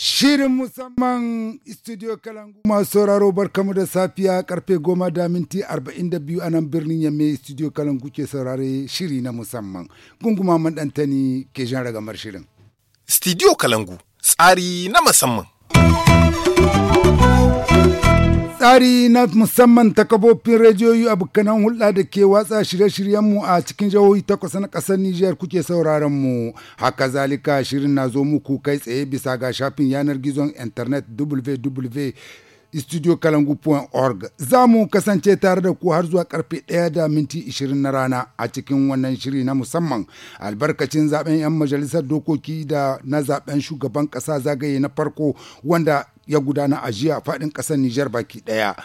Shirin musamman studio Kalangu masu sauraro barkamu da safiya karfe goma da minti 42 a nan birnin yamme studio Kalangu ke saurare shiri na musamman. Gunguma man ɗantani ke jan ragamar shirin. Studio Kalangu tsari na musamman. tsari na musamman ta kafofin rediyoyi abokanan hulɗa da ke watsa shirye-shiryenmu a cikin jihohi takwas na ƙasar Nijar kuke sauraron mu. Haka zalika shirin na zo muku kai tsaye bisa ga shafin yanar gizon internet www org za mu kasance tare da ku har zuwa karfe 1 da minti 20 na rana a cikin wannan shiri na musamman albarkacin zaben 'yan majalisar dokoki da na zaben shugaban kasa zagaye na farko wanda ya gudana a jiya faɗin ƙasar Nijar baki ɗaya.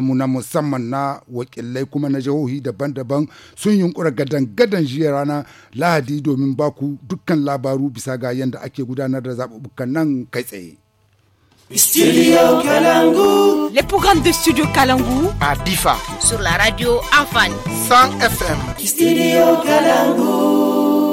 mu na musamman na wakilai kuma na jihohi daban-daban sun yunkura gadan-gadan jiya rana Lahadi domin baku dukkan labaru bisa ga yadda ake gudanar da zaɓuɓɓukan nan kai tsaye. Studio Kalangu. Le programme de Studio Kalangu. À Bifa. Sur la radio Afan. 100 FM. Studio Kalangu.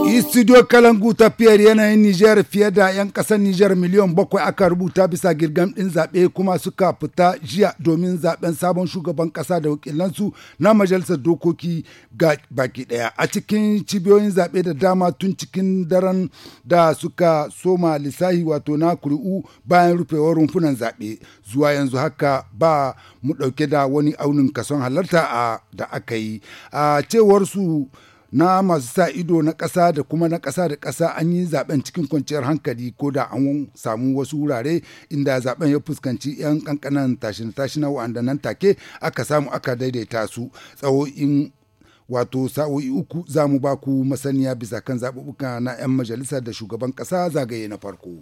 Studio Kalangu tafiyar yanayin Nijar fiye da 'yan ƙasar Nijar miliyan bakwai aka rubuta bisa girgan ɗin zaɓe kuma suka fita jiya domin zaɓen sabon shugaban ƙasa da wakilansu na majalisar dokoki ga baki ɗaya. A cikin cibiyoyin zaɓe da dama tun cikin daren da suka soma lissahi wato na kuri'u bayan rufewar rumfunan zaɓe. Zuwa yanzu haka ba mu ɗauke da wani aunin kason halarta a da aka yi. A cewar su na masu sa ido na ƙasa da kuma na ƙasa da ƙasa an yi zaben cikin kwanciyar hankali ko da an samu wasu wurare inda zaben ya fuskanci 'yan ƙanƙanan tashin na wa'anda nan take aka samu aka daidaita su tsawo'in wato sa'o'i uku za mu ba ku masaniya bisa kan zaɓuɓɓuka na 'yan majalisa da shugaban ƙasa zagaye na farko.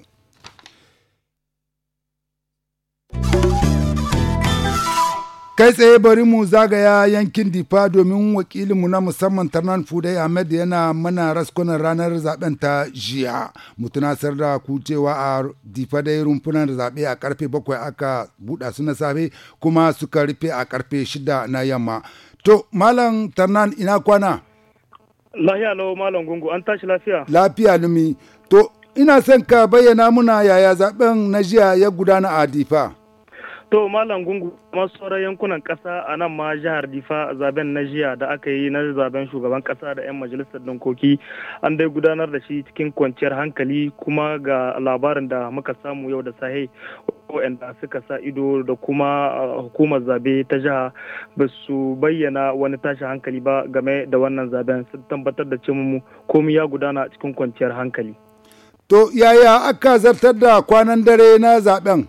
kai tsaye bari mu zagaya yankin difa domin wakilinmu na musamman tarnan fudai ahmed yana mana raskunan ranar zaben ta jiya mu tunasar da ku cewa a difa dai rumfunan zaɓe a karfe bakwai aka buɗa su na safe kuma suka rufe a karfe shida na yamma to malam tarnan ina kwana lafiya lau malam gungu an tashi lafiya lafiya lumi to ina son ka bayyana muna yaya zaben na jiya ya gudana a difa To Malam Gungu masu sauran yankunan ƙasa a nan ma jihar Difa zaben na jiya da aka yi na zaben shugaban ƙasa da 'yan majalisar dokoki an dai gudanar da shi cikin kwanciyar hankali kuma ga labarin da muka samu yau da sahe waɗanda suka sa ido da kuma ah, hukumar zabe ta jiha ba su bayyana wani tashi hankali ba game da wannan zaben su tabbatar da cin komi ya gudana cikin kwanciyar hankali. To yaya aka zartar da kwanan dare na zaben?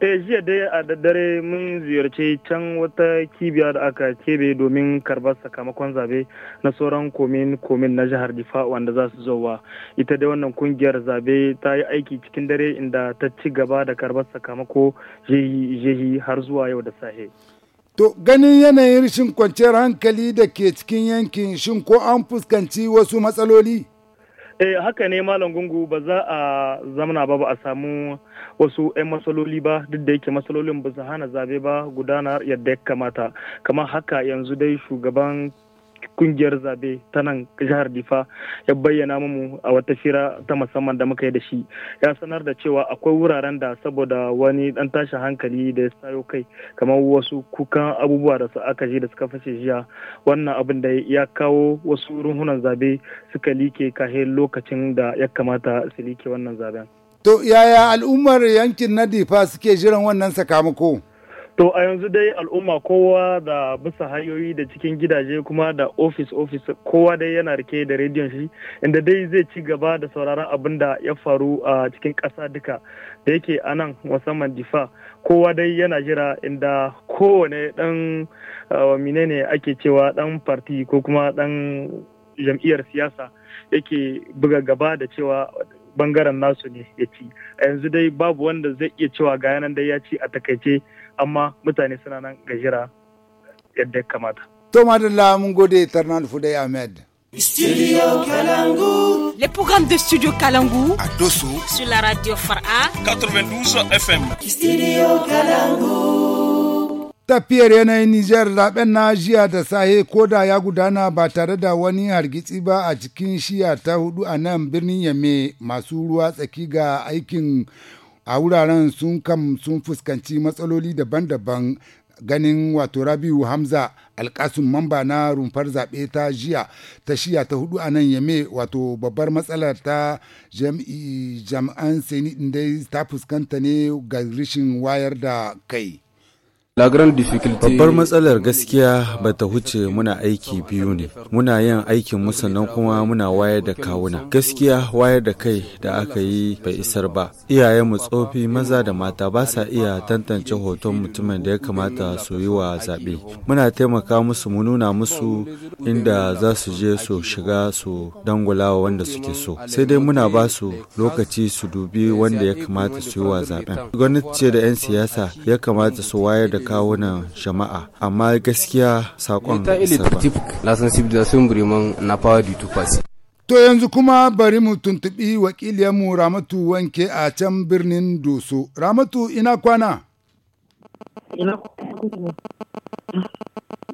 eh jiya dai a daddare mun ziyarci can wata kibiya da aka kebe domin karbar sakamakon zabe na sauran komin komin na jihar difa wanda za su wa ita dai wannan kungiyar zabe ta yi aiki cikin dare inda ta ci gaba da karbar sakamako jehi har zuwa yau da sahe to ganin yanayin rashin kwanciyar hankali da ke cikin yankin shin ko an fuskanci wasu matsaloli Eh, haka ne Malam Gungu ba za a zamana ba ba a samu wasu 'yan matsaloli ba duk da yake matsalolin ba su hana zabe ba gudanar yadda ya kamata. Kamar haka yanzu dai shugaban kungiyar zabe ta nan jihar difa ya bayyana mu a wata shira ta musamman da muka yi da shi ya sanar da cewa akwai wuraren da saboda wani dan tashin hankali da ya sayo kai kamar wasu kukan abubuwa da su aka je da suka fashe jiya wannan abin da ya kawo wasu runhunan zabe suka like kahe lokacin da ya kamata su like wannan zaben to yaya al'ummar yankin na difa suke jiran wannan sakamako To a yanzu dai al'umma kowa da bisa hanyoyi da cikin gidaje kuma da ofis ofis kowa dai yana rike da rediyon shi inda dai zai ci gaba da sauraron abin da ya faru a cikin ƙasa duka da yake a nan musamman difa kowa dai yana jira inda kowane dan menene ake cewa dan farti ko kuma dan jam'iyyar siyasa yake buga gaba da cewa bangaren nasu ne ya ci a yanzu dai babu wanda zai iya cewa ga yanan dai ya ci a takaice amma mutane suna nan gajira yadda ya kamata. To madalla mun gode Tarnan Fudai Ahmed. Studio Kalangu. Le programme de Studio Kalangu. a Dosso. Sur la radio Fara. 92 FM. Studio Kalangu. Tafiyar yanayin Nijar zaben na jiya da sahe koda ya gudana ba tare da wani hargitsi ba a cikin shiya ta hudu a nan birnin Yame masu ruwa tsaki ga aikin a wuraren sun kam sun fuskanci matsaloli daban-daban ganin wato rabiu hamza alkasun mamba na rumfar zaɓe ta jiya ta shiya ta hudu a nan yame wato babbar matsalar ta jam'an seni dai ta fuskanta ne ga rishin wayar da kai Babbar matsalar gaskiya ba ta huce muna aiki biyu ne. Muna yin aikin mu sannan kuma muna wayar da kawuna. Gaskiya wayar da kai da aka yi bai isar ba. Iyayen mu tsofi maza da mata ba sa iya tantance hoton mutumin da ya kamata su yi wa zaɓe. Muna taimaka musu mu nuna musu inda za su je su shiga su dangula wanda suke so. Sai dai muna ba su lokaci su dubi wanda ya kamata su yi wa zaɓen. Gwamnati ce da 'yan siyasa ya kamata su wayar da kawunan jama'a amma gaskiya sakon To yanzu kuma bari mu tuntuɓi wakiliyarmu Ramatu Wanke a can birnin Doso. Ramatu ina kwana?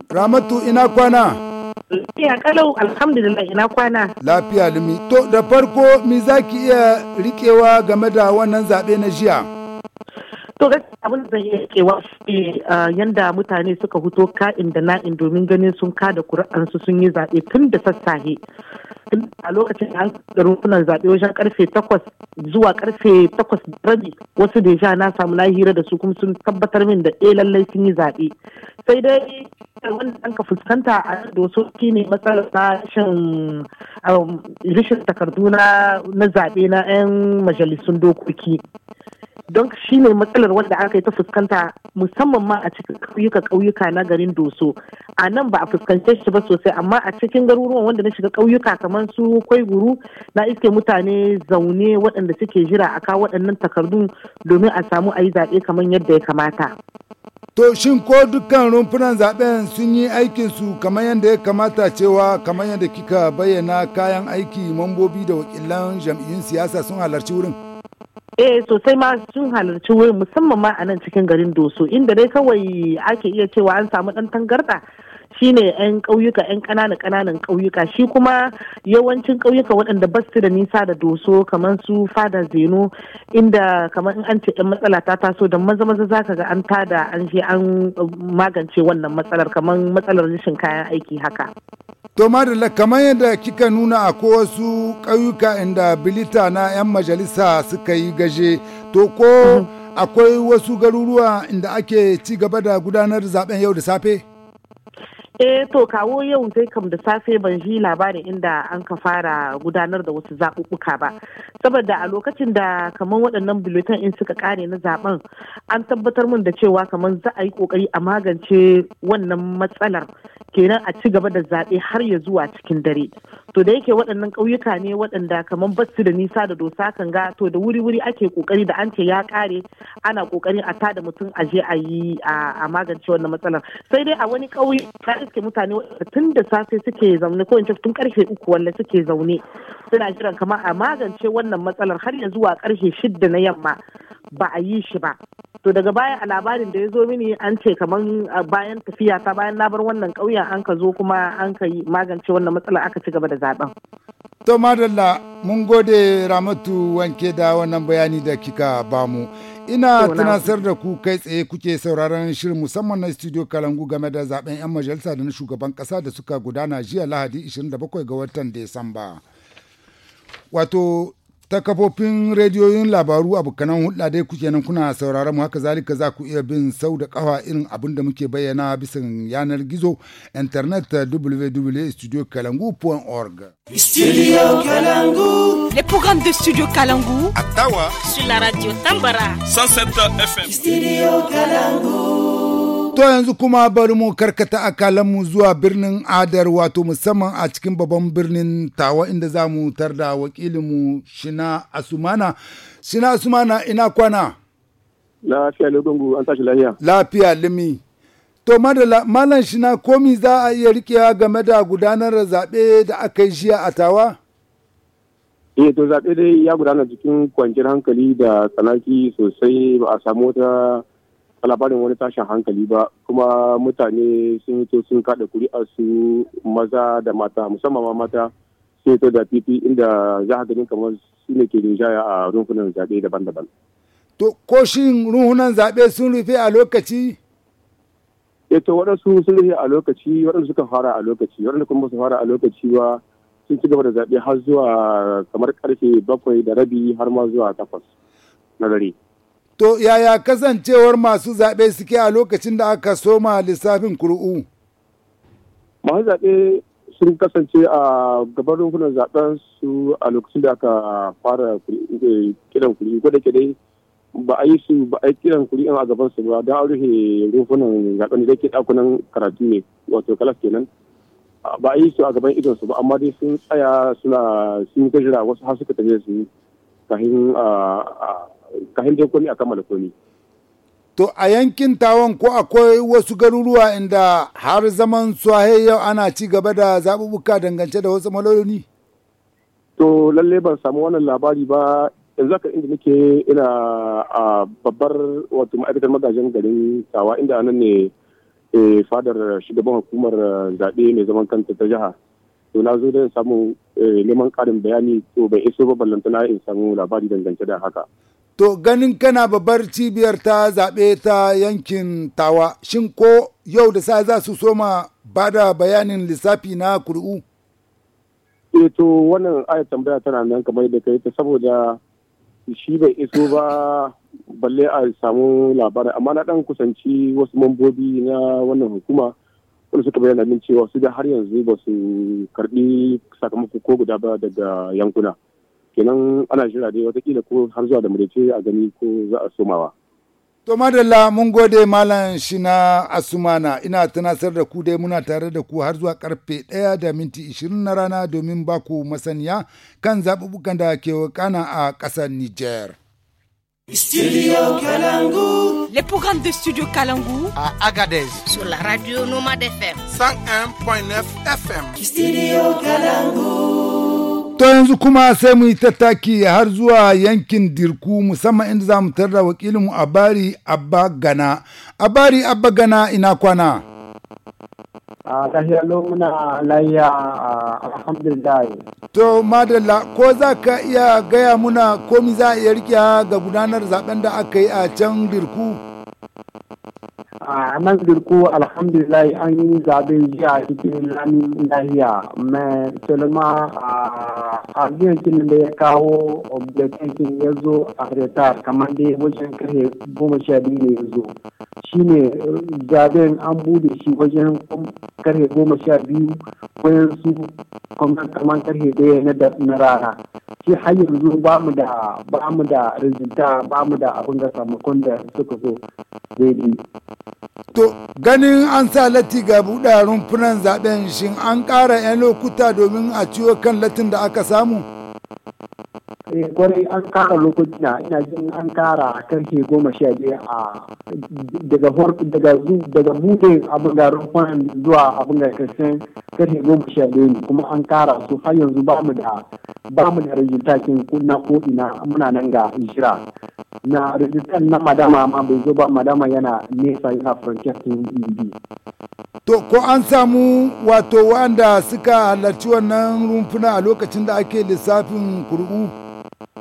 Ramatu ina kwana? Lafiya kalau alhamdulillah ina kwana. Lafiya limi. To da farko mi za ki iya rikewa game da wannan zaɓe na jiya? to abin da ya kewa shi yanda mutane suka huto ka'in da na'in domin ganin sun kada kuri'ansu sun yi zaɓe tun da sassahe a lokacin an garin zaɓe wajen karfe takwas zuwa karfe takwas rabi wasu da sha na samu na da su kuma sun tabbatar min da eh lallai sun yi zaɓe sai dai wanda an ka fuskanta a da wasu ne matsalar na rashin um, rashin takardu na zaɓe na 'yan majalisun dokoki don shi ne matsalar wanda aka yi ta fuskanta musamman ma a cikin ƙauyuka ƙauyuka na garin doso a nan ba a fuskance shi ba sosai amma a cikin garuruwan wanda na shiga kauyuka kamar su kwaiguru na iske mutane zaune waɗanda suke jira a kawo waɗannan takardun domin a samu a yi zaɓe kamar yadda ya kamata. To shin ko dukkan rumfunan zaɓen sun yi aikin su kamar yadda ya kamata cewa kamar yadda kika bayyana kayan aiki mambobi da wakilan jam'iyyun siyasa sun halarci wurin? eh sosai ma sun halarci wurin musamman ma a nan cikin garin doso inda dai kawai ake iya cewa an samu dan tangarda shine yan ƙauyuka yan ƙananan ƙananan ƙauyuka shi kuma yawancin ƙauyuka waɗanda ba su da nisa da doso kamar su fada zeno inda kamar in an ce ɗan matsala ta taso da maza maza zaka ga an tada an je an magance wannan matsalar kamar matsalar rashin kayan aiki haka To Madalla kamar yadda kika nuna a wasu ƙauyuka inda bilita na 'yan majalisa suka yi gaje, to ko mhm. akwai wasu garuruwa inda ake ci gaba da gudanar zaben yau da safe? Eh to kawo yau dai kam da safe ban ji labarin inda an ka fara gudanar da wasu zaɓuɓɓuka ba. Saboda a lokacin da kamar waɗannan bulletin in suka kare na zaben an tabbatar min da cewa kamar za a yi ƙoƙari a magance wannan matsalar kenan a ci gaba da zaɓe har ya zuwa cikin dare. to da yake waɗannan ƙauyuka ne waɗanda kamar basu da nisa da dosa kan ga to da wuri-wuri ake ƙoƙari da an ce ya ƙare ana ƙoƙarin a tada mutum a je a yi a magance wannan matsalar sai dai a wani ƙauye ka iske mutane tun da safe suke zaune ko in tun karfe uku wanda suke zaune suna jiran kamar a magance wannan matsalar har ya zuwa karfe shidda na yamma ba a yi shi ba to daga baya a labarin da ya zo mini an ce kamar bayan tafiya ta bayan na bar wannan ƙauyen an ka zo kuma an ka magance wannan matsala aka ci gaba da zaben to madalla mun gode ramatu wanke da wannan bayani da kika bamu ina tunasar da ku kai tsaye kuke sauraron shirin musamman na studio kalangu game da zaben yan majalisa da na shugaban kasa da suka gudana jiya lahadi 27 ga watan desamba wato ta kafofin rediyoyin labaru abokanan hulɗa dai kuke nan kuna sauraron mu haka zalika za ku iya bin sau da kafa irin abin da muke bayyana bisan yanar gizo internet www.studiokalangu.org Studio Kalangu Les programmes de Studio Kalangu à Tawa sur la radio Tambara 107 FM Studio Kalangu To yanzu kuma bari mu karkata akalanmu zuwa birnin Adar wato musamman a cikin babban birnin Tawa inda za mu tarda wakilinmu Shina Asumana. Shina Asumana ina kwana? Lafiya Lugungu an tashi lafiya. Lafiya Limi. To malam Shina komi za a iya rikewa game da gudanar da zaɓe da aka yi jiya a Tawa? Eh to zaɓe dai ya gudana cikin kwanciyar hankali da tsanaki sosai ba a samu wata labarin wani tashin hankali ba kuma mutane sun to sun kada kuri'ar su maza da mata musamman ma mata sun hito da pp inda za a ganin kamar su ne ke rinjaya a rumfunan zaɓe daban-daban. To ko shin ruhunan zaɓe sun rufe a lokaci? Eto eh, waɗansu sun rufe a lokaci waɗansu suka fara a lokaci waɗanda kuma su fara a lokaci ba sun ci gaba da zaɓe har zuwa kamar karfe bakwai da rabi har ma zuwa takwas na dare. To yaya kasancewar masu zaɓe suke a lokacin da aka soma lissafin kuru'u? Masu zaɓe sun kasance a gaban rukunan zaɓen su a lokacin da aka fara eh, kiran kuri'u ko da ke dai ba a yi su ba a yi kiran kuri'un a gaban su ba don a rufe rukunan zaɓen da ke ɗakunan karatu ne wato kalas kenan. ba a yi su a gaban idon su ba amma dai sun tsaya suna sun gajira wasu har suka tafi su kahin ka hindi komi a kammala komi. To a yankin tawon ko akwai wasu garuruwa inda har zaman suwaye yau ana ci gaba da zaɓuɓɓuka dangance da wasu maloloni? To lalle ban samu wannan labari ba yanzu haka inda nake ina a babbar wato ma'aikatar magajin garin tawa inda anan ne eh, fadar shugaban hukumar zaɓe mai zaman kanta ta jiha. to na zo da samu eh, neman karin bayani to bai iso ba ballantana in samu labari dangance da haka. To ganin kana babbar cibiyar ta zaɓe ta yankin tawa, shin ko yau da sa za su soma ba da bayanin lissafi na kuri'u? E to wannan ayat tambaya tana nan kamar da kai ta saboda shi bai iso ba balle a samu labarin amma na dan kusanci wasu mambobi na wannan hukuma wanda suka bayyana min cewa su da har yanzu ba su karɓi sakamako ko guda ba daga yankuna. kenan ana jira dai watakila ko har zuwa da murece a gani ko za a somawa To madalla mun gode malam shina asumana ina tunasar da ku dai muna tare da ku har zuwa karfe ɗaya da minti ishirin na rana domin baku masaniya kan zaɓuɓɓukan da ke wakana a ƙasar Nijar. Studio Kalangu. Les programmes de Studio Kalangu à Agadez sur la radio Nomad FM 101.9 FM. Studio Kalangu. To yanzu kuma sai mu yi tattaki har zuwa yankin Dirku musamman inda za mu tarra wakilinmu bari Abba Gana. bari Abba Gana ina kwana. a to madalla ko za ka iya gaya muna komi za a iya rike ga gudanar zaben da aka yi a can dirku a nan girku alhamdulillah an yi zaɓe jiya cikin lamin lahiya mai salama a yankin da ya kawo objetin ya zo a retar kamar dai wajen karfe goma sha biyu ne ya zo shi ne zaben an bude shi wajen karfe goma sha biyu wajen su kamar karfe daya na rana shi har yanzu ba mu da ba mu da rijinta ba mu da abin da samakon da suka zo daidai to ganin an sa lati ga buɗa rumfunan zaɓen shin an ƙara 'yan lokuta domin a ciwo kan latin da aka samu Eh, kwarai an kara lokacina ina jin an kara karfe goma sha biyu a daga daga daga bude abin da kwanan zuwa abin da karshen karfe goma sha biyu ne kuma an kara su har yanzu ba mu da ba mu da rajintakin na ko ina muna nan ga jira na rajistan na madama ma bai zo ba madama yana nesa yana francesco biyu. to ko an samu wato wanda suka halarci wannan rumfuna a lokacin da ake lissafin kur'u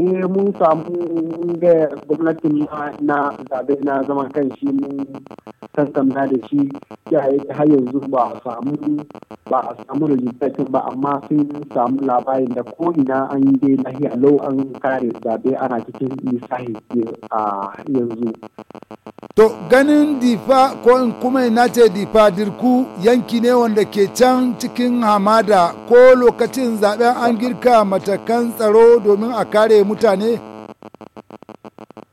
ne eh, mun samu ga gwamnatin na zabe na zaman kan shi mun tantamna da shi har yanzu ba a samu ba a samu rijistatin ba amma sun samu labarin da ko ina an yi dai lahiya lau an kare zabe ana cikin lissahi a yanzu to ganin difa ko in kuma ina ce difa dirku yanki ne wanda ke can cikin hamada ko lokacin zaben an girka matakan tsaro domin a kare kiyaye mutane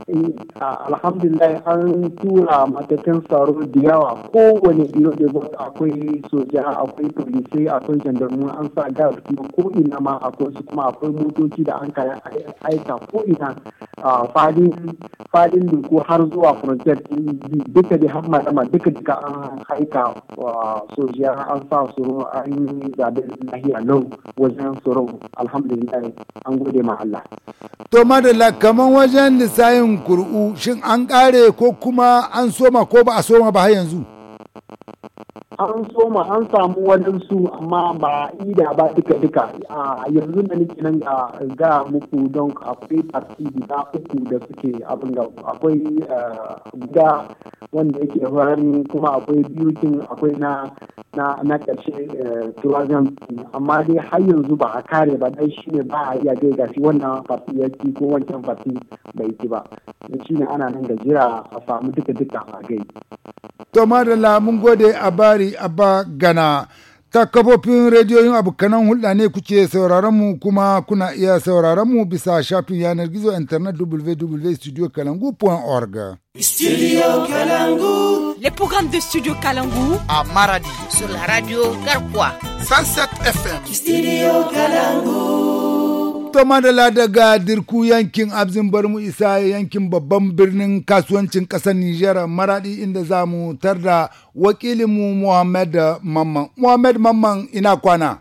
eh, alhamdulillah an tura matakan tsaro da yawa kowane ilo da ba akwai soja akwai polisai akwai jandarmu an sa gawar kuma ko ina ma akwai su kuma akwai motoci da an kaya aika ko ina Ah, fadin fadin har zuwa frontier duka da har malama duka duka an haika sojiya an sa tsoro an yi zaɓe lahiya lau wajen tsoro alhamdulillah an gode ma Allah. To madalla kaman wajen lissayin kur'u shin an ƙare ko kuma an soma ko ba a soma ba har yanzu? an soma an samu waɗansu amma ba ida ba duka duka a yanzu da nake nan ga muku don akwai parti guda uku da suke abin ga akwai eh, guda wanda yake farin kuma akwai biyu akwai na na na ƙarshe turazan eh, amma dai har yanzu ba a kare ba dan shi ne ba a iya gai gashi wannan parti ya ci ko wancan parti bai ci ba shi ne ana nan da jira a samu duka duka a gai. to madalla mun gode a bari Abdullahi Abba Gana. Ta kafofin rediyoyin abokanan hulɗa ne kuke sauraron mu kuma kuna iya sauraron mu bisa shafin yanar gizo internet www.studiokalangu.org. Studio Kalangu. Les programmes de Studio Kalangu. À Maradi. Sur la radio Garkwa. 107 FM. Studio Kalangu. Dokta madala daga Dirku yankin Abzin Barmu Isa yankin babban birnin kasuwancin kasar Nijar Maradi inda za mu tarda wakilinmu Muhammad Mamman. Muhammad Mamman ina kwana.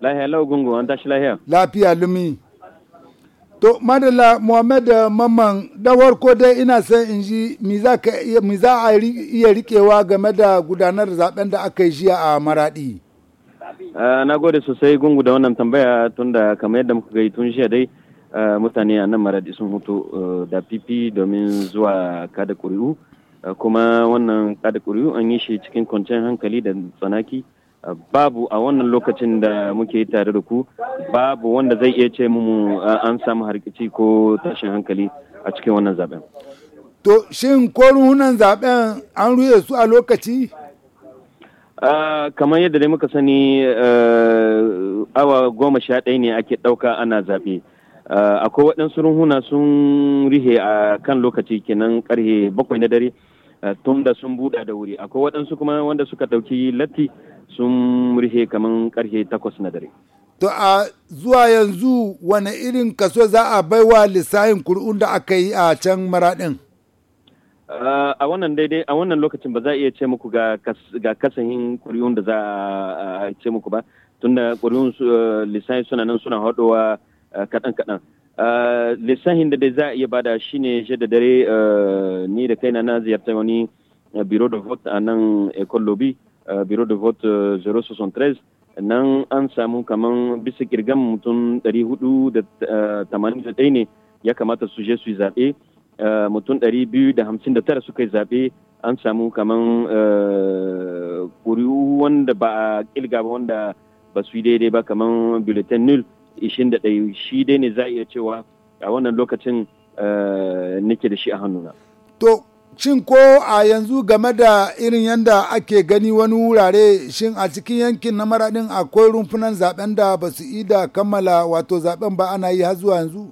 Lahiyar laugungu, an tashi lahiyar. Lafiya lumi. To madala Muhammad Mamman dawar ko dai ina son in ji mi za a iya rikewa game da gudanar zaben da aka yi jiya a Maradi. Eh, na gode sosai gungu da wannan tambaya tun da kamar yadda muka gai tun jiya dai eh, mutane a nan maradi sun hutu eh, da pipi domin zuwa kada kuri'u kuma wannan kada kuri'u an yi shi cikin kwanciyar hankali da tsanaki babu a wannan lokacin da muke tare da ku babu wanda zai iya ce mu an samu harkici ko tashin hankali a cikin wannan zaben to shin ko hunan zaben an ruye su a lokaci Uh, kamar yadda dai muka sani awa goma sha ɗaya ne ake ɗauka ana zaɓe uh, akwai waɗansu runhuna sun rihe a kan lokaci kenan ƙarhe bakwai na dare tun da sun buɗa da wuri akwai waɗansu kuma wanda suka ɗauki latti sun rihe kamar ƙarhe takwas na dare to a zuwa yanzu wane irin kaso za a baiwa lissahin kur'un da aka yi a can maraɗin Uh, a wannan daidai a wannan lokacin ba za a iya ce muku ga kasahin kuriyun da za a ce muku ba tunda kuriyun uh, lissahi suna nan suna haɗowa kaɗan-kaɗan uh, lissahin da dai za a iya bada shine shi da dare ni da kaina na ziyarta wani biro da vote a nan ecole lobby biro da vote 063 nan an samu kaman bisa kirgan mutum 481 ne ya kamata su je su yi zaɓe Eh, mutum 259 suka yi zaɓe an samu kaman kuri'u eh, wanda ba a ƙilga ba wanda ba su yi daidai ba kaman bulletin nil 21 shi dai ne za a iya cewa a wannan lokacin eh, nake da shi a hannuna. To, shin ko a yanzu game da irin yadda ake gani wani wurare shin a cikin yankin na maraɗin akwai rumfunan zaben da ba su yi da kammala wato zaben ba ana yi har zuwa yanzu?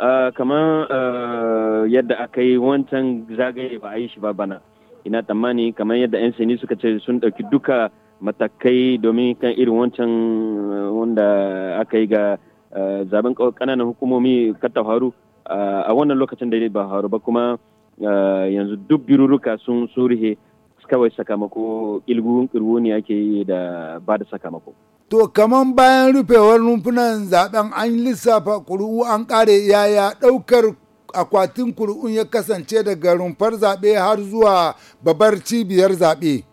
Ah, kamar ah, yadda aka yi wancan zagaye ba a yi shi ba bana ina tsammani kamar yadda 'yan sani suka ce sun ɗauki duka matakai domin kan irin wancan ah, wanda aka yi ga zaben ƙananan hukumomi kata faru a wannan lokacin da ba faru ba kuma yanzu duk biruruka sun surihe kawai sakamako ilgun ne ake yi da ba da sakamako. to kamar bayan rufewar rumfunan zaben an lissafa ƙuri'u an ƙare yaya daukar akwatin kuri'un ya kasance daga rumfar zaɓe har zuwa babar cibiyar zaɓe?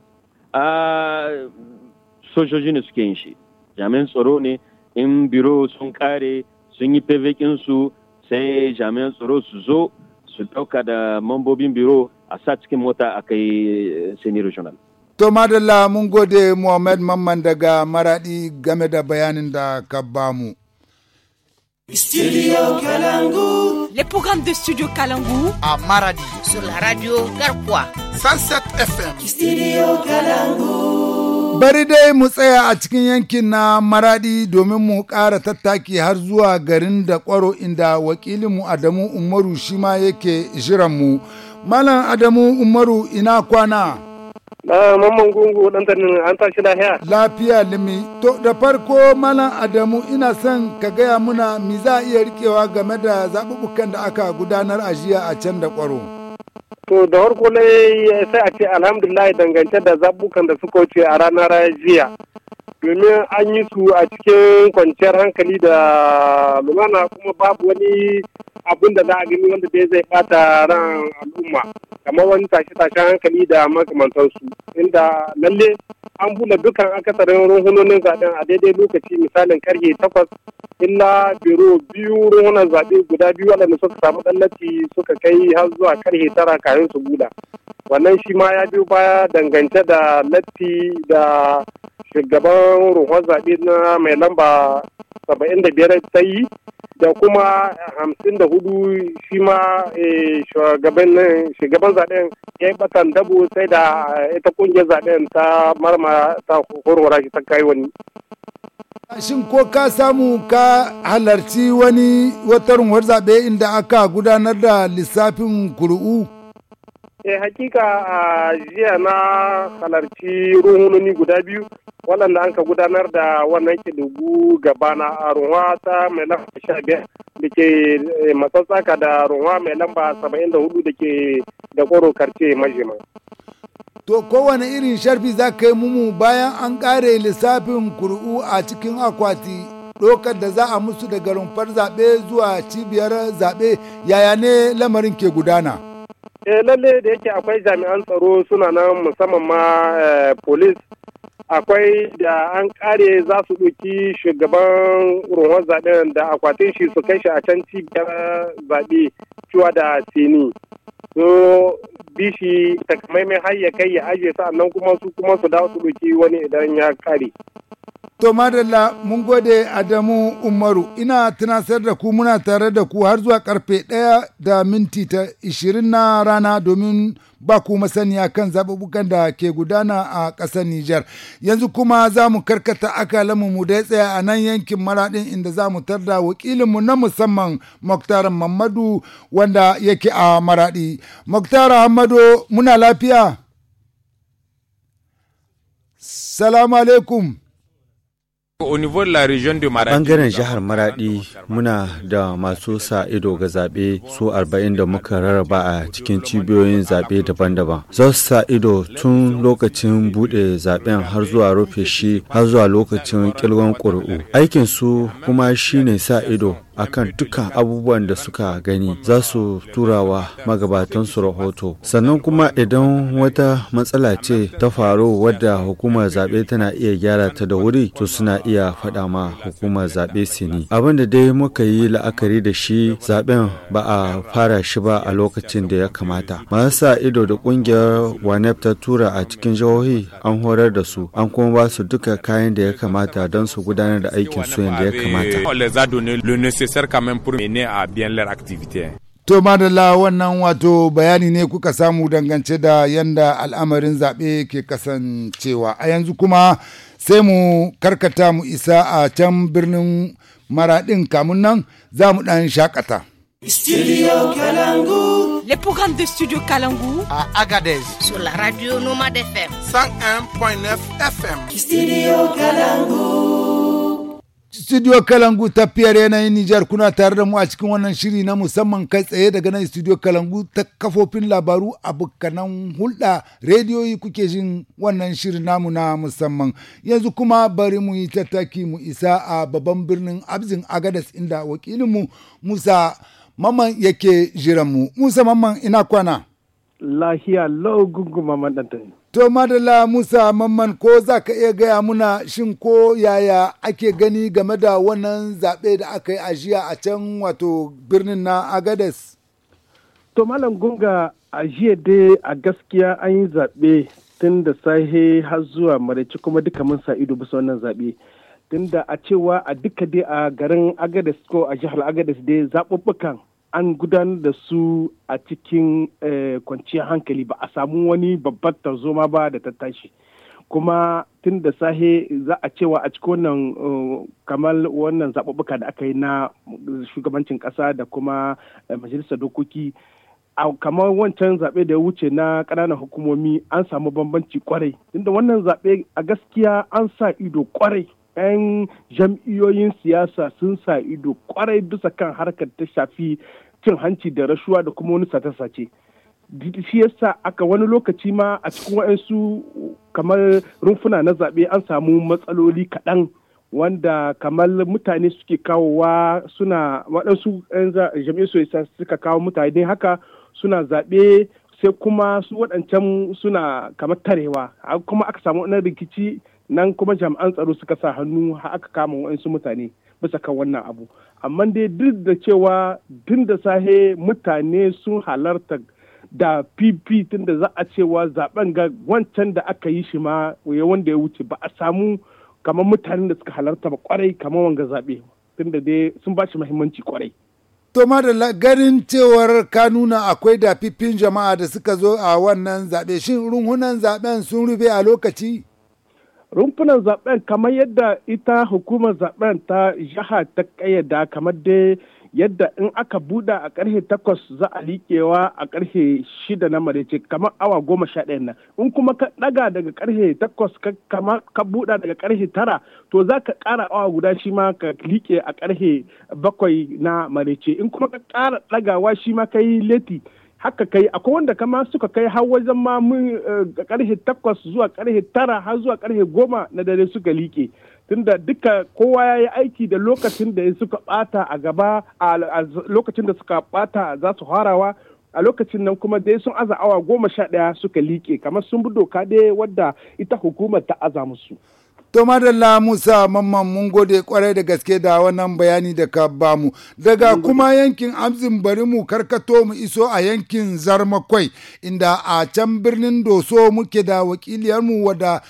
sojoji ne suke yin shi jami'an tsaro ne in biro sun kare sun yi su sai jami'an tsaro su zo su ɗauka da mambobin biro a sa cikin mota a kai eh, senior regional To madalla mun gode muhammed Mamman daga maradi game da bayanin da ka bamu. Studio Kalangu. Les programmes de Studio Kalangu. a Maradi. Sur la radio Garkwa. 107 FM. Studio Kalangu. Bari dai mu tsaya a cikin yankin na Maradi domin mu ƙara tattaki har zuwa garin da kwaro inda wakilinmu Adamu Umaru shi ma yake jiranmu. Malam Adamu Umaru ina kwana. mamman gungu dan an tashi lafiya. Lafiya limi. To da farko malam Adamu ina son ka gaya muna mi za a iya rikewa game da zaɓuɓɓukan da aka gudanar a jiya a can da ƙwaro. To da farko ne sai a ce alhamdulillah dangance da zaɓuɓɓukan da suka wuce a ranar jiya. domin an yi su a cikin kwanciyar hankali da lumana kuma babu wani abun da za gani wanda dai zai bata ran al'umma kamar wani tashe-tashen hankali da makamantansu inda lalle an bula dukkan akasarin ruhunonin zaɓen a daidai lokaci misalin karhe takwas illa biro biyu runhunan zaɓe guda biyu waɗanda suka samu ɗallaci suka kai har zuwa karhe tara kayan su bula wannan shi ma ya biyo baya dangance da latti da shugaban ruhon zaɓe na mai lamba 75 ta yi da kuma 54 shima shi ma eh, shugaban zaɓen ya yi batan dabo sai da eh, ita ƙungiyar zaɓen ta marma ta horora shi ta kai wani. Shin ko ka samu ka halarci wani wata ruhuwar zaɓe inda aka gudanar da lissafin kuru'u? Eh hakika a jiya na halarci ruhunoni guda biyu waɗanda an ka gudanar da wannan kidugu gabana a runwa ta mai lamba sha biyar da ke eh, matsatsaka da runwa mai lamba saba'in da hudu da ke da koro karce majima. To kowane irin sharfi za ka yi mumu bayan an ƙare lissafin kuru'u a cikin akwati ɗokar da za a musu daga rumfar zaɓe zuwa cibiyar zaɓe yaya ne lamarin ke gudana. eh lalle da yake akwai jami'an tsaro suna nan musamman ma eh, polis akwai da an kare za su ɗauki shugaban ruwan zaɓen da akwatin shi su kai shi a can cibiyar zaɓe cewa da sini so shi takamaiman har ya kai ya ajiye sa'annan kuma su kuma su dawo su ɗauki wani idan ya kare To madalla mun gode Adamu Umaru ina tunasar da ku muna tare da ku har zuwa karfe ɗaya da minti ta ishirin na rana domin ba ku masaniya kan zaɓuɓɓukan da ke gudana a ƙasar Nijar. Yanzu kuma za mu karkata akalanmu mu dai tsaya a nan yankin maraɗin inda za mu tarda wakilinmu na musamman Muktar Mamadu wanda yake a maraɗi. Muktar Hamado muna lafiya? Salamu alaikum. Bangaren jihar Maradi muna da masu sa ido ga zaɓe su arba'in da muka rarraba a cikin cibiyoyin zaɓe daban-daban. Za su sa ido tun lokacin buɗe zaɓen har zuwa rufe shi har zuwa lokacin kilwan ƙuri'u. aikinsu su kuma shine sa ido akan duka abubuwan da suka gani za su turawa su rahoto sannan kuma idan wata matsala ce ta faru wadda hukumar zaɓe tana iya gyara ta da wuri to suna iya faɗa ma hukumar zaɓe ne abin da dai muka yi la'akari da shi zaɓen ba a fara shi ba a lokacin da ya kamata ido da ƙungiyar wanep ta tura a cikin jihohi an horar da su an kuma ba su duka kayan da ya kamata don su gudanar da aikin su yadda ya kamata nécessaires quand même pour mener à bien leur activité. To madalla wannan wato bayani ne kuka samu dangance da yanda al'amarin zaɓe ke kasancewa. A yanzu kuma sai mu karkata mu isa a can birnin maraɗin kamun nan za mu ɗan shakata. Studio Kalangu. Les programmes de Studio Kalangu. À Agadez. Sur la radio Nomade FM. 101.9 FM. Studio Kalangu. Studio Kalangu ta fiyar yanayin Nijar kuna tare da mu a cikin wannan shiri na musamman kai tsaye daga nan Studio Kalangu ta kafofin labaru a abokanan hulɗa rediyoyi kuke jin wannan shiri namu na musamman. Yanzu kuma bari mu yi tattaki mu isa a babban birnin Abzin Agadas inda wakilinmu Musa mamman yake jiranmu. Musa mamman ina kwana. Lahiya lau gungun mamman To Madala Musa Mamman ko za ka iya gaya muna shin ko yaya ake gani game da wannan zaɓe da aka yi ajiya a can wato birnin na Agades? To Malam Gunga ajiya dai a gaskiya an yi zaɓe tun da sahe har zuwa maraice kuma duka mun sa ido bisa wannan zaɓe. Tun da a cewa a duka dai a garin Agades ko a jihar Agades dai zaɓuɓɓukan an gudanar da su a cikin eh, kwanciyar hankali ba a samu wani babbar tarzoma ba da ta tashi kuma tun da sahe za a cewa a cikin wannan eh, kamar wannan zaɓuɓɓuka da aka yi na shugabancin ƙasa da kuma eh, majalisar dokoki a kamar wancan zaɓe da ya wuce na ƙananan hukumomi an samu bambanci kwarai tunda wannan zaɓe a gaskiya an sa ido kwarai 'yan jam'iyoyin siyasa sun sa ido kwarai bisa kan harkar ta shafi cin hanci da rashuwa da kuma wani sace-sace shi yasa aka wani lokaci ma a cikin waɗansu kamar rumfuna na zaɓe an samu matsaloli kaɗan wanda kamar mutane suke kawowa suna waɗansu jam'iyyar soyayya suka kawo mutane haka suna zaɓe sai kuma su waɗancan suna kamar tarewa kuma aka samu wani rikici nan kuma jami'an tsaro suka sa hannu har aka kama wa'ansu mutane bisa kan wannan abu amma dai duk da cewa tun da sahe mutane sun halarta da pp tun da za a cewa zaben ga wancan da aka yi shi ma wanda ya wuce ba a samu kamar mutanen da suka halarta ba kwarai kamar wanga zaɓe tun da dai sun ba shi mahimmanci kwarai To da garin cewar ka nuna akwai dafifin jama'a da suka zo a wannan zaɓe shin runhunan zaben sun rufe a lokaci? rumfunan zaben kamar yadda ita hukumar zaben ta jiha ta kayyada kamar dai yadda in aka buɗa a karfe takwas za a liƙewa a karfe shida na marece kamar awa goma sha ɗaya nan in kuma ka ɗaga daga karfe takwas ka buɗa daga karfe tara to za ka ƙara awa guda shi ma ka liƙe a karfe bakwai na marece in kuma ka ƙara ɗagawa shi ma ka yi leti haka kai akwai wanda kama suka kai har wajen ma mun eh, karhe takwas zuwa karhe tara har zuwa karhe goma na dare suka liƙe tunda duka kowa ya yi aiki da lokacin da suka bata a gaba a lokacin da suka bata za su harawa a lokacin nan kuma dai sun aza awa goma sha ɗaya suka liƙe kamar sun bi doka dai wadda ita hukumar ta aza musu. To madalla Musa mamman mun gode kwarai da gaske da wannan bayani da ka bamu. Daga kuma yankin Amzin bari mu karkato mu iso a yankin Zarmakwai inda a can birnin Doso muke da wakiliyarmu wada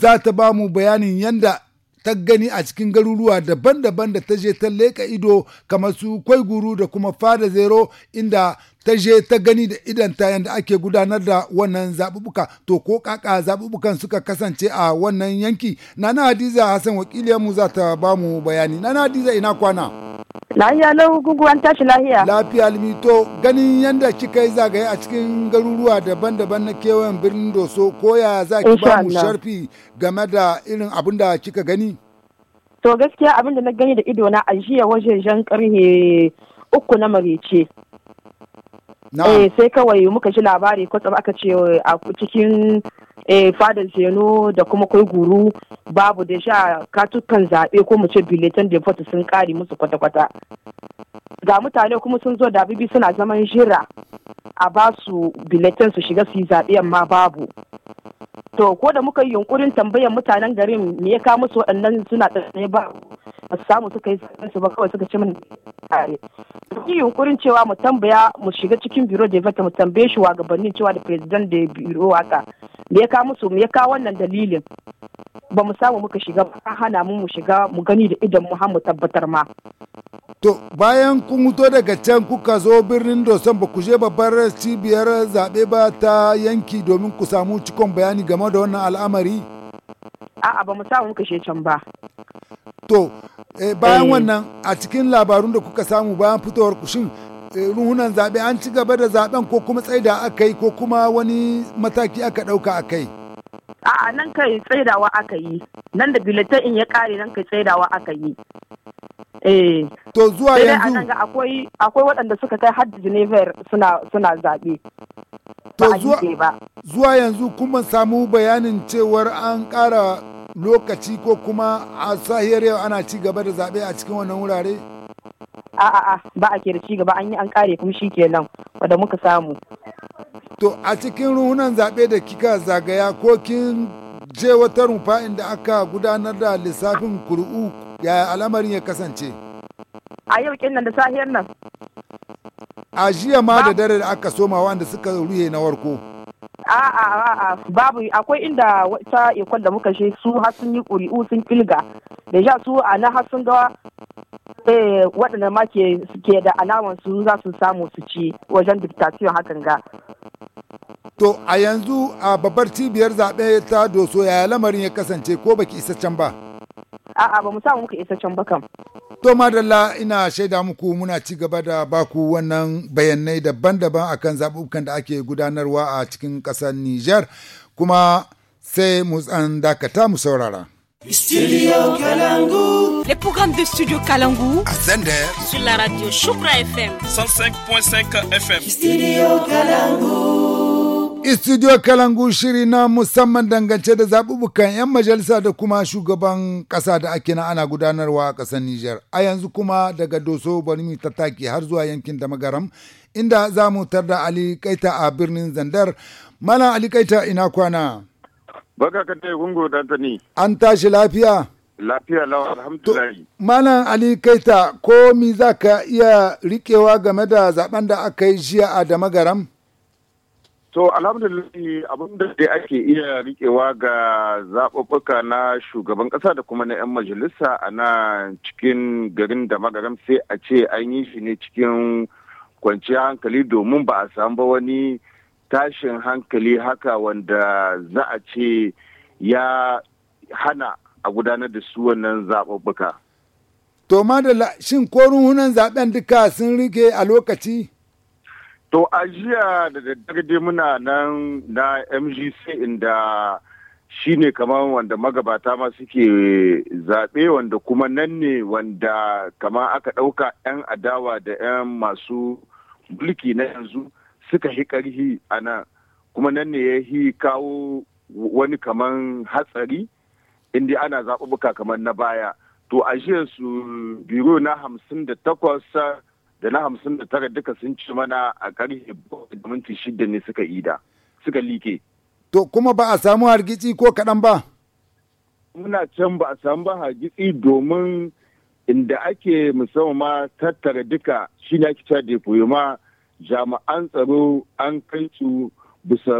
za ta bamu bayanin yanda ta gani a cikin garuruwa daban-daban da ta je ta leka ido kamar su kwaiguru da kuma fada zero inda ta je ta gani da idanta yadda ake gudanar da wannan zaɓuɓɓuka to ko kaka zaɓuɓɓukan suka kasance a wannan yanki nana hadiza hassan mu za ta ba mu bayani nana hadiza ina kwana lahiya lau gungu an tashi lahiya lafiya limito ganin yanda kika yi zagaye a cikin garuruwa daban-daban na kewayen birnin doso koya za ki ba mu sharfi game da irin abin da kika gani to gaskiya abin da na gani da idona ajiya wajen jan karhe uku na marice eh sai kawai muka ji labari kwatsam aka ce eh, a cikin eh, fadar zeno da kuma kai guru babu da sha katukan zaɓe ko mu ce biletan da sun kare musu kwata-kwata ga mutane kuma sun zo da bibi suna zaman jira a ba su biletan su shiga su yi zaɓe amma babu to ko da muka yi yunkurin tambayar mutanen garin me ya kawo musu waɗannan suna tsaye ba ba su samu suka yi su ba kawai suka ci min tare yi yunkurin cewa mu tambaya mu shiga cikin biro da fata mu tambaye shi gabanin cewa da president da biro haka me ya kawo musu me ya kawo wannan dalilin ba mu samu muka shiga ba hana mu mu shiga mu gani da idan mu har mu tabbatar ma To bayan kun huto daga can kuka zo birnin Dosan ba ku je babbar cibiyar zaɓe ba ta yanki domin ku samu cikon bayani game da wannan al'amari? A'a ba mu samu kashe can ba. To eh, bayan eh. wannan a cikin labarun da kuka samu bayan fitowar kushin eh, ruhunan zaɓe an ci gaba da zaɓen ko kuma tsaida aka yi ko kuma wani mataki aka ɗauka aka yi. A'a nan kai tsaidawa aka yi, nan da biletin ya ƙare nan kai tsaidawa aka yi. Eh. To zuwa yanzu. akwai akwai waɗanda suka kai har Geneva suna suna zaɓe. To zuwa zuwa yanzu kuma samu bayanin cewar an ƙara lokaci ko kuma a sahiyar yau ana ci gaba da zaɓe a cikin wannan wurare? A a ba a ke da ci gaba an yi an ƙare kuma shi kenan wanda muka samu. To a cikin ruhunan zaɓe da kika zagaya ko kin je wata rumfa inda aka gudanar da lissafin kuri'u yaya al'amarin ya kasance a yau kin nan da sahiyar nan a jiya ma da dare da aka soma wanda suka ruye na warko a'a a babu akwai inda wata ikon da muka shi su har sun yi ƙuri'u sun kilga da ya su a na har sun ga eh, waɗanda ma ke da alamar su za su samu su ci wajen diktasiyon hakan ga to a yanzu a babbar cibiyar zaɓe ta doso yaya lamarin ya kasance ko baki isa can ba a'a ba mu samu muku isa can bakan. to madalla ina shaida muku muna ci gaba da baku wannan bayanai daban-daban akan zaɓuɓɓukan da ake gudanarwa a cikin ƙasar Nijar kuma sai mu tsan dakata mu saurara Studio Kalangu. le programme de Studio Kalangu. a Zender. Sur la radio Choukra FM. 105.5 FM. Studio Kalangu. Studio Kalangu shiri na musamman dangance da zaɓuɓɓukan 'yan majalisa da kuma shugaban ƙasa da ake na ana gudanarwa a ƙasar Nijar. A yanzu kuma daga Doso bari mu tattaki har zuwa yankin da magaram inda za mu da Ali Kaita a birnin Zandar. Malam Ali Kaita ina kwana. Baka ka taya gungo ni. An tashi lafiya? Lafiya lawa alhamdulillahi. Malam Ali Kaita ko mi za ka iya riƙewa game da zaɓen da aka yi jiya a da magaram? To alhamdulillah abinda dai ake iya riƙewa ga zaɓuɓɓuka na shugaban ƙasa da kuma na 'yan majalisa a nan cikin garin da magaram sai a ce an yi shi ne cikin kwanciyar hankali domin ba a samu ba wani tashin hankali haka wanda za a ce ya hana a gudanar da su wannan zaɓuɓɓuka. To madalla shin korin hunan zaɓen duka sun rike a lokaci? To a jiya da daddare muna nan na MGC inda shi ne kamar wanda magabata ma suke zaɓe wanda kuma nan ne wanda kama aka ɗauka 'yan adawa da 'yan masu mulki na yanzu suka hi ƙarhi a nan kuma nan ne ya hi kawo wani kaman hatsari inda ana zaɓuɓɓuka kamar na baya to a jiya su biro na hamsin da takwas da na hamsin da tara duka sun ci mana a karfe da minti shida ne suka da suka like. To kuma ba a samu hargitsi ko kaɗan ba? Muna can ba a samu hargitsi domin inda ake musamman tattara duka shi ne ake koyo ma jami'an tsaro an kai su bisa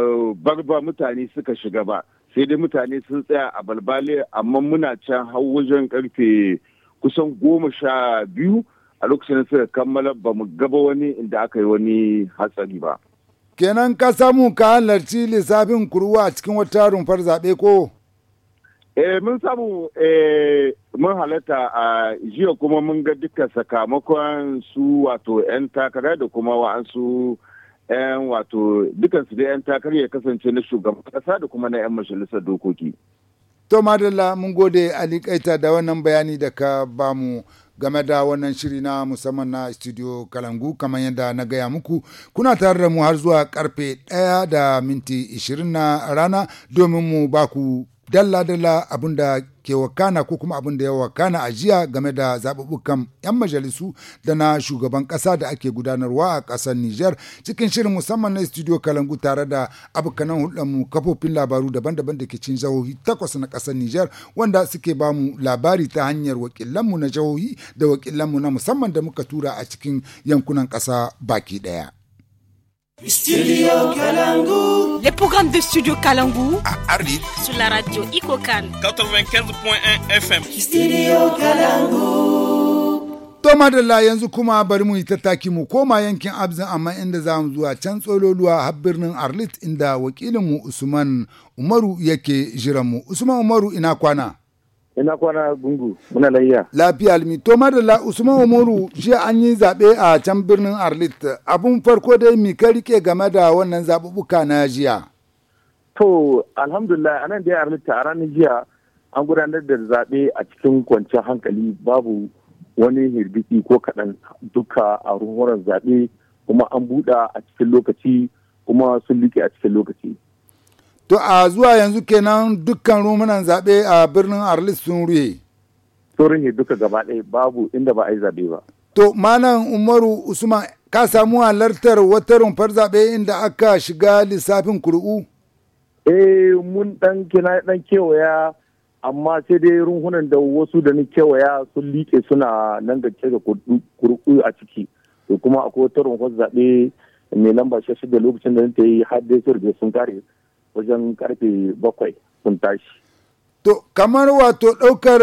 barba mutane suka shiga ba sai dai mutane sun tsaya a balbale amma muna can har wajen karfe kusan goma sha biyu a lokacin suka kammala ba mu gaba wani inda aka yi wani hatsari ba. Kenan ka samu ka halarci lissafin kuruwa a cikin wata rumfar zaɓe ko? Eh, mun samu eh, mun halatta a jiya kuma mun ga duka sakamakon su wato 'yan takara da kuma wa'ansu 'yan wato dukansu da 'yan takara ya kasance na shugaban kasa da kuma na 'yan majalisar dokoki. To Madalla mun gode Ali Kaita da wannan bayani da ka bamu. game da wannan shiri na musamman na studio kalangu kamar yadda na gaya muku kuna tare da mu har zuwa karfe ɗaya da minti 20 na rana domin mu baku dalla-dalla abin da ke wakana ko kuma abin da ya wakana a jiya game da zaɓuɓɓukan 'yan majalisu da na shugaban ƙasa da ake gudanarwa a ƙasar Nijar cikin shirin musamman na studio Kalangu tare da abokanan hulɗarmu kafofin labaru daban-daban da ke cin jihohi takwas na ƙasar Nijar wanda suke ba mu labari ta hanyar wakilanmu na jihohi da wakilanmu na musamman da muka tura a cikin yankunan ƙasa baki ɗaya. Studio Kalangu. Les programmes de Studio Kalangu à Arlit sur la radio Ikokan 95.1 FM. Studio Kalangu. Toma da la yanzu kuma bari mu yi tattaki mu koma yankin Abzin amma inda za mu zuwa can tsololuwa har birnin Arlit inda wakilinmu Usman Umaru yake jiranmu. Usman Umaru ina kwana. ina kwana gungu muna layya lafiya almi to madalla usman umaru shi an yi zaɓe a can birnin arlit abun farko dai mi ka rike game da wannan zaɓuɓɓuka na jiya to alhamdulillah anan dai arlit a ranar jiya an gudanar da zaɓe a cikin kwanciyar hankali babu wani hirbiti ko kaɗan duka a ruhuwar zaɓe kuma an buɗa a cikin lokaci kuma sun liƙe a cikin lokaci To a zuwa yanzu kenan dukkan rumunan zaɓe a birnin Arlis sun ruhe. Sun duka gaba ɗaya babu inda ba a yi zaɓe ba. To manan Umaru Usman ka samu halartar wata rumfar zaɓe inda aka shiga lissafin kuri'u? Eh mun ɗan kina ɗan kewaya amma sai dai runhunan da wasu da ni kewaya sun liƙe suna nan da ga kuri'u a ciki. To kuma akwai wata rumfar zaɓe mai lamba shi da lokacin da ta yi har dai sun kare. wajen karfe bakwai sun tashi. To, kamar wato ɗaukar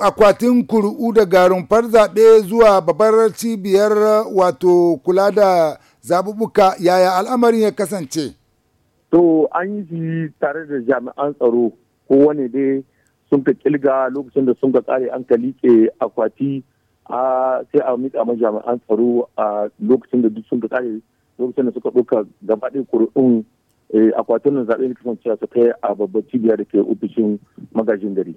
akwatin kuru'u daga rumfar zaɓe zuwa babbar cibiyar wato kula da zabubuka yaya al'amarin ya kasance? To, an yi shi tare da jami'an tsaro kowane dai sun fi kilga lokacin da sun ka tsari an ka liƙe akwati a sai a miƙa ma jami'an tsaro a lokacin da duk sun ka tsari lokacin da suka ɗauka gaba ɗaya kuru'un Eh, akwatin nan zaɓe ne kasancewa su kai a babbar cibiya da ke ofishin magajin gari.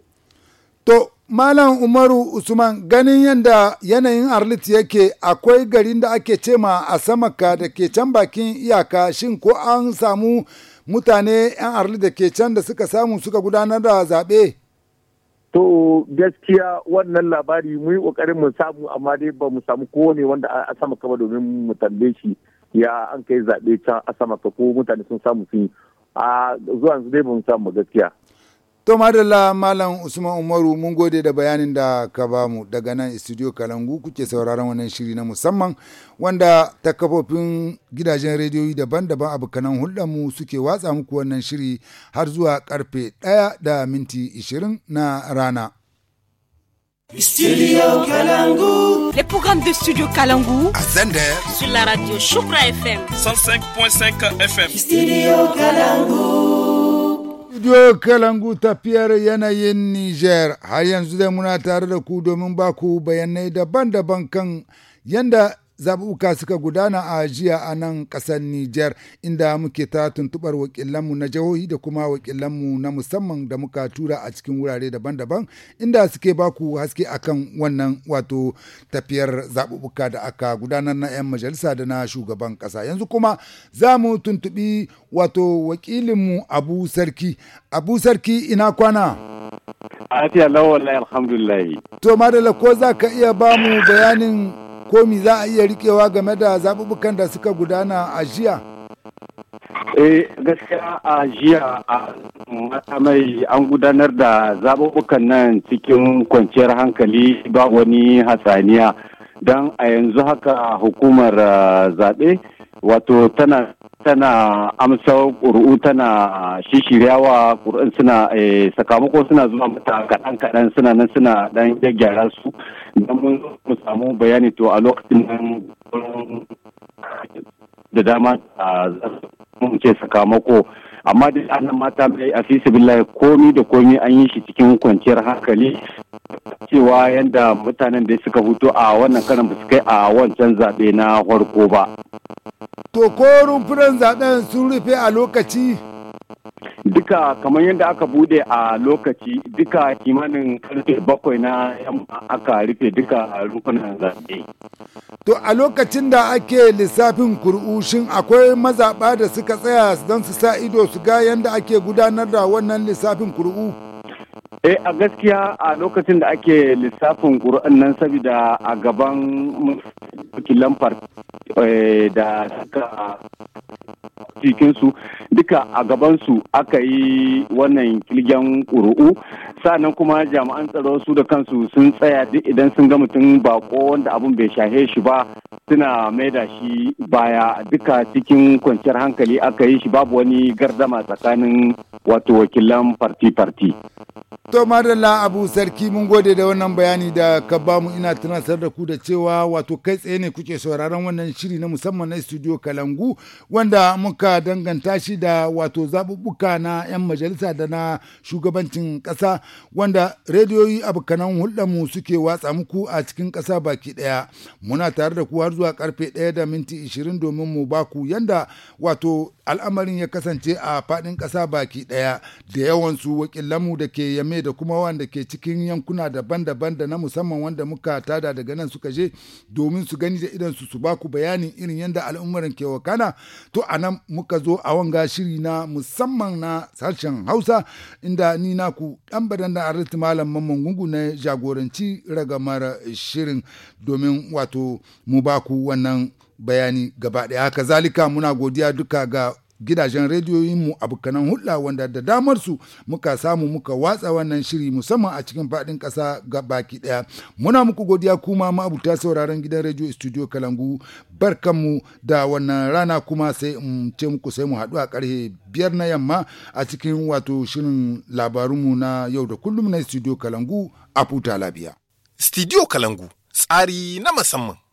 To, Malam Umaru Usman ganin yadda yanayin Arlit yake akwai gari da ake ce ma a samaka da ke can bakin iyaka shin ko an samu mutane 'yan Arlit da ke can da suka samu suka gudanar da zaɓe? To gaskiya wannan labari mu yi ƙoƙarin mu samu amma dai ba mu samu kowane wanda a sama kama domin mu tambaye shi ya an kai zaɓe can a sama ko mutane sun samu sun a zuwa yanzu dai mun samu gaskiya. To madalla Malam Usman Umaru mun gode da bayanin da ka bamu daga nan studio Kalangu kuke sauraron wannan shiri na musamman wanda ta kafofin gidajen rediyoyi daban-daban abokanan hulɗarmu suke watsa muku wannan shiri har zuwa karfe ɗaya da minti 20 na rana. Studio Kalangu. Les programmes de Studio Kalangu. À Zender. Sur la radio Choukra FM. 105.5 FM. Studio Kalangu. Studio Kalangu yana yanayin Niger har yanzu de muna tare da ku domin ba ku bayanai daban-daban kan yanda zaɓuɓɓuka suka gudana a jiya a nan ƙasar Nijar inda muke ta tuntuɓar wakilanmu na jihohi da kuma wakilanmu na musamman da muka tura a cikin wurare daban-daban inda suke baku haske akan wannan wato tafiyar zaɓuɓɓuka da aka gudanar na 'yan majalisa da na shugaban ƙasa. Yanzu kuma za mu tuntuɓi wato wakilinmu Abu Sarki. Abu Sarki ina kwana? Afiya lawan alhamdulillah. To Madalla ko za ka iya bamu bayanin komi za a iya rikewa game da zaɓuɓɓukan da suka gudana a jiya? Eh gaskiya a jiya a mai an gudanar da zaɓuɓɓukan nan cikin kwanciyar hankali ba wani hatsaniya don a yanzu haka hukumar eh, zaɓe wato tana tana amsa ƙuri'u tana shishiryawa ƙuri'un suna eh, sakamako suna zuwa mata kaɗan kaɗan suna nan suna ɗan gyaggyara su don mun samu bayani to a lokacin nan da dama a mun ce sakamako amma duk annan mata mai afisi billahi komi da komi an yi shi cikin kwanciyar hankali cewa yadda mutanen da suka fito a wannan karin ba su kai a wancan zaɓe na farko ba. To ko rumfunan zaɓen sun rufe a lokaci? Duka kamar yadda aka bude a lokaci duka kimanin karfe bakwai na yamma aka rufe duka rumfunan zaɓe. To a lokacin da ake lissafin kur'ushin akwai mazaɓa da suka tsaya don su sa ido su ga yadda ake gudanar da wannan lissafin kur'u. Eh a gaskiya a lokacin da ake lissafin ƙuri'an nan saboda a gaban wakilan eh, da suka cikinsu duka a gabansu aka yi wannan kilgen ƙuri'u sa'annan kuma jami'an tsaro su da kansu sun tsaya duk idan sun ga mutum bako wanda abun bai shahe shi ba suna maida shi baya duka cikin kwanciyar hankali aka yi shi babu wani gardama tsakanin wato wakilan farti-farti. To madalla abu sarki mun gode da wannan bayani da ka bamu ina tunasar da ku da cewa wato kai tsaye ne kuke sauraron wannan shiri na musamman na studio Kalangu wanda muka danganta shi da wato zaɓuɓɓuka na 'yan majalisa da na shugabancin ƙasa wanda rediyoyi abokanan hulɗarmu suke watsa muku a cikin kasa baki ɗaya. Muna tare da ku har zuwa karfe ɗaya da minti ishirin domin mu baku yanda wato al'amarin ya kasance a faɗin kasa baki ɗaya da yawansu wakilanmu da ke yame da kuma wanda ke cikin yankuna daban-daban da na musamman wanda muka tada daga nan suka je domin su gani da idan su su baku bayanin irin yadda al'ummarin ke wakana to a nan muka zo a wanga shiri na musamman na harshen hausa inda ni naku dan badan da arziki malam mamman gungu na jagoranci ragamar shirin domin wato mu baku wannan bayani gaba ɗaya haka muna godiya duka ga gidajen rediyoyinmu abokanan hulɗa wanda da damar su muka samu muka watsa wannan shiri musamman a cikin faɗin ƙasa ga baki ɗaya muna muku godiya kuma ma'abuta sauraron gidan rediyo studio kalangu barkanmu da wannan rana kuma sai in ce muku sai mu haɗu a ƙarhe biyar na yamma a cikin wato shirin labarunmu na yau da kullum na studio kalangu a futa labiya studio kalangu tsari na musamman